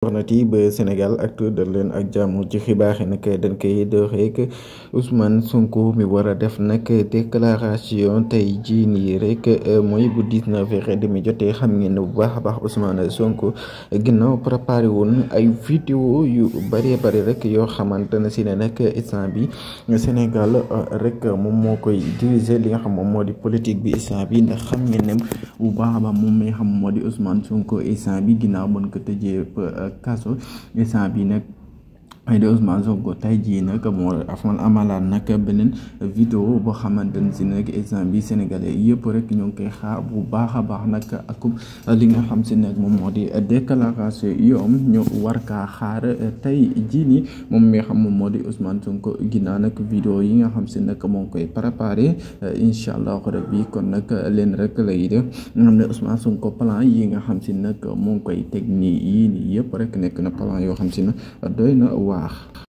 internet yi ba Sénégal Actu dal leen ak jàmm ci xibaar yi nag dañ koy doxeek Ousmane Sonko mi war a def nag déclaration tey jii nii rek euh, mooy bu 19 heures demi jotee xam ngeen ne bu baax a baax Ousmane Sonko ginnaaw préparé woon ay vidéo yu bëree bëri rek yoo xamante ne si ne nag instant bi Sénégal euh, rek moom moo koy diriger li nga xam moom moo di politique bi instant bi ndax xam ngeen ne bu baax a moom mi xam moo di usmaan Sonko instant bi ginnaaw mën ko tëjee. Euh, ak kaso instant bi nag de Ousmane Sonko tey jii nag moo afoon amalaat nag beneen vidéo boo xamante ne si nag exemple bi sénégalais yëpp rek ñoo ngi koy xaar bu baax a baax nag ak li nga xam si nag moom moo di déclaration yoom ñu war kaa xaar tey jii nii moom mi nga xam moom moo di Ousmane Sonko ginnaaw nag vidéo yi nga xam si nag moo ngi koy préparé incha allah rabbi kon nag leen rek lay def nga xam Sonko plan yi nga xam si nag moo koy teg nii yii nii yëpp rek nekk na plan yoo xam si na doy na waa baax